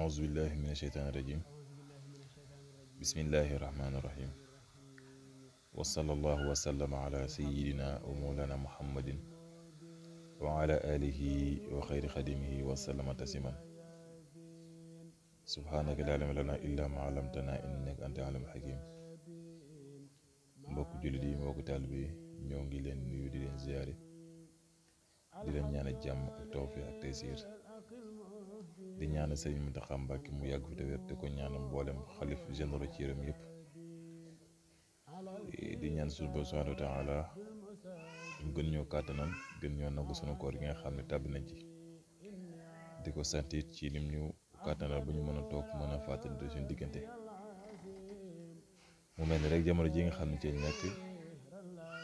أعوذ بالله من الشيطان الرجيم بسم الله الرحمن الرحيم وصلى الله وسلم على سيدنا ومولانا محمد وعلى آله وخير خدمه وسلم تسليما سبحانك لا علم لنا إلا ما علمتنا إنك أنت علم حكيم mbokk jullit yi mbokk taalibe yi ñoo ngi leen nuyu di leen ziyaare di leen ñaanal jàmm ak tawfiq ak taysiir di ñaanal sëñ Mountakha Mbacké mu yàgg fi te wér te ko ñaanal mboolem xalif généraux ci yërëm yëpp di ñaan suñu borom subhanahu wa taala mu gën ñoo kàttanal gën ñoo nangu sunu koor yi nga xam ne tàbbi nañ ci di ko sant ci lim ñu kàttanal bu ñu mën a toog mën a fàttalante suñu diggante mu mel ni rek jamono ji nga xam ne ci lañ nekk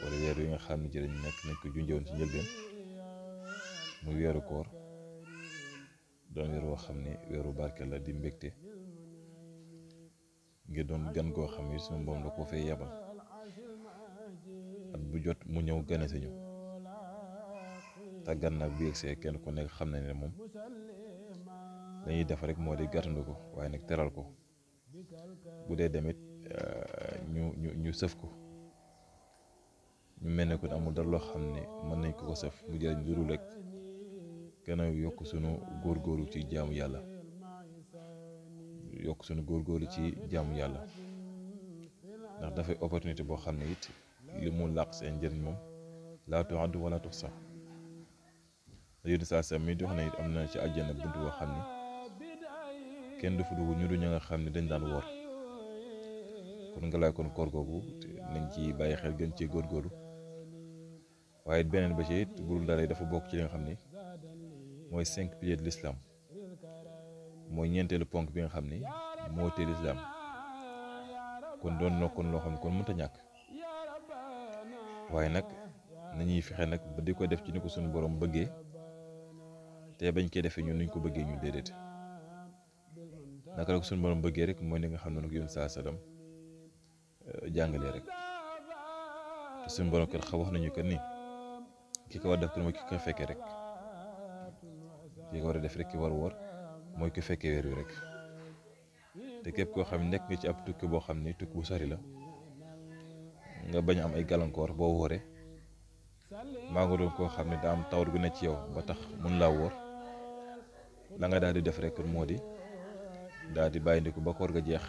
wala weer wi nga xam ne ci lañ nekk nañ ko junjee woon ci njëlbeen muy weeru koor. doon weer woo xam ne weeru barke la di mbégte ngir doon gan goo xam ne suñu boom la ko fee yebal at bu jot mu ñëw gane sañu tàggat nag bi egsee kenn ku nekk xam na ne moom dañuy def rek moo di gàttandu ko waaye nag teral ko bu dee demit ñu ñu ñu sëf ko ñu mel ne ko amul dara loo xam ne mën nañ ko ko sëf mu jëriñ lu dul rek gën yokk sunu góorgóorlu ci jaamu yàlla yokk sunu góor góorgóorlu ci jaamu yàlla ndax dafay opportunité boo xam ne it li mu làq seen njëriñ moom laa tu'addu wala tuhsa yéen sax saa mi di wax it am na ci àjjana bunt boo xam ne kenn du fa dugg ñu du nga xam ne dañ daan woor kon nga laay kon koor googu nañ ci bàyyi xel gën ci góor góoru waaye beneen ba ci it bu dul dara dafa bokk ci li nga xam ni moy cinq piliers de l'islam mooy ñeenteelu ponk bi nga xamni ni té l'islam kon doon na kon loo xam ne kon ta ñak way nak nañuy fexé nak ba diko def ci ni ko suñu borom bëggé té bañ ko défé ñun ñu ko bëggé ñu déedéet naka la ko suñu borom bëggé rek moy ni nga xamna nak nag yoon saa salaam jàngalee rek suñu borom kat xaw wax nañu ko ni kiko ko def ko mooy kiko ko rek. ki ko war a def rek ki war woor mooy ko fekkee weer bi rek te képp koo xam ne nekk nga ci ab tukki boo xam ne tukki bu sori la nga bañ am ay gàllankoor boo wooree maa nga doon koo xam ne daa am tawar gu ne ci yow ba tax mun laa woor la nga daal di def rek moo di daal di bàyyi ba koor ga jeex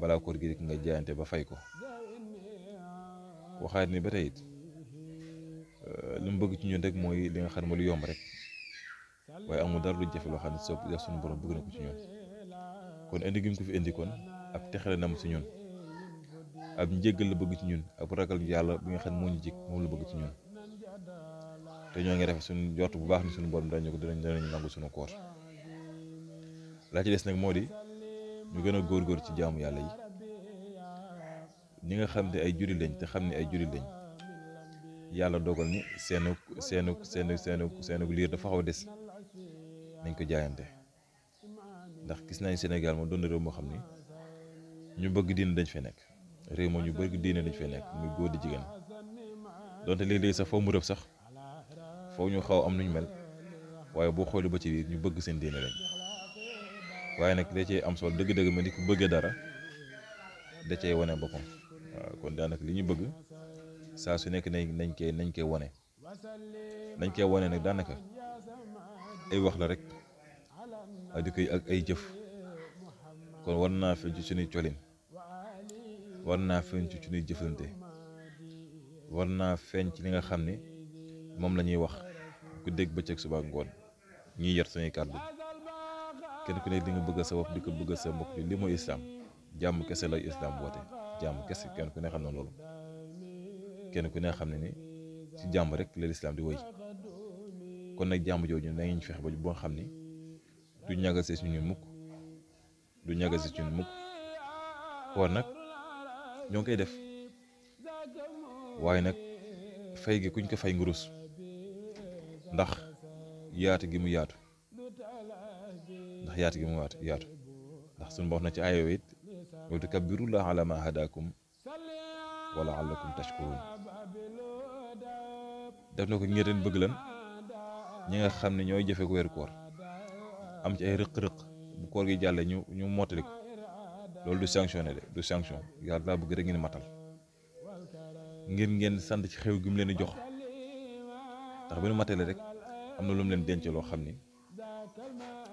balaa koor gi nga jaayante ba fay ko waxaat ni ba tey it euh, mu bëgg ci ñun rek mooy li nga xam ne lu yomb rek waaye amul dara lu jafe loo xam ne soo def suñu borom bëgg na ko ci ñoom kon indi gi mu ko fi indi kon ab texale na mu si ñun ab njéggal la bëgg ci ñun ab ragal yàlla bi nga xam ne moo ñu jik moom la bëgg ci ñun te ñoo ngi rafet suñu jort bu baax ni suñu borom dañu ko dinañ danañ nangu suñu koor laa ci des nag moo di ñu gën a góor góor ci jaamu yàlla yi ni nga xam ne ay juri lañ te xam ne ay juri lañ yàlla dogal ni seenu seenu seenu seenu seenu liir dafa xaw a des nañ ko jaayante ndax gis nañ Sénégal ma doon réew moo xam ni ñu bëgg diine dañ fay nekk réew moom ñu bëgg diine dañ fee nekk muy góor di jigéen donte léeg-léeg sax foo mu rëb sax foo ñu xaw am nuñ mel waaye boo xoolee ba ci biir ñu bëgg seen diine lañ waaye nag da cee am solo dëgg-dëgg ma ni ku bëggee dara da cee wone boppam waaw kon daanaka li ñu bëgg saa su nekk nañ nañ koy nañ koy wone nañ koy wane nag daanaka ay wax la rek. ak di koy ak ay jëf kon war naa feeñ ci suñuy colin war naa feeñ ci suñuy naa feeñ ci li nga xam ni moom lañuy wax ku dégg bëccëg suba ak ngoon ñiy yor suñuy kàddu kenn ku nekk di nga bëgg sa wax di ko bëgg sa mbokk li mooy islam jàmm kese lay islam woote jàmm kese kenn ku ne xam ne loolu kenn ku ne xam ne ni ci jàmm rek la lislaam di woy kon nag jàmm jooju nañu feex ba boo xam ni du ñagase suñu mukk du ñagase suñu mukk koor nag ñoo ngi koy def waaye nag fay gi kuñ ko fay ngurus ndax yaatu gi mu yaatu ndax yaatu gi mu waatu yaatu ndax suñu wax na ci ayo it wa tukabbirullah ala ma hadakum wa def na ko ngir bëgg lan ñi nga xam ne ñooy jëfe ko weeru koor am ci ay rëq-rëq bu koor gi jàllee ñu ñu mottali ko loolu du sanctionné de du sanction yàlla daa bëgg rek ngeen matal ngir ngeen sant ci xew gi mu leen di jox ndax bu ñu rek am na lu mu leen denc loo xam ni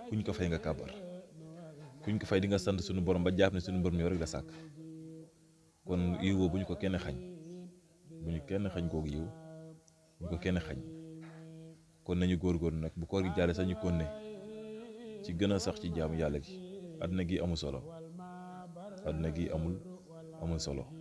kuñ ko fay nga kàbbar kuñ ko fay di nga sant suñu borom ba jàpp ne suñu borom yow rek la sàkk kon yiw bu ñu ko kenn xañ bu ñu kenn xañ kooku yiw bu ñu ko kenn xañ kon nañu góor nag bu koor gi jàllee sax ñu kon ne ci gëna sax ci jaamu yàlla gi adna gi amul solo adna gi amul amul solo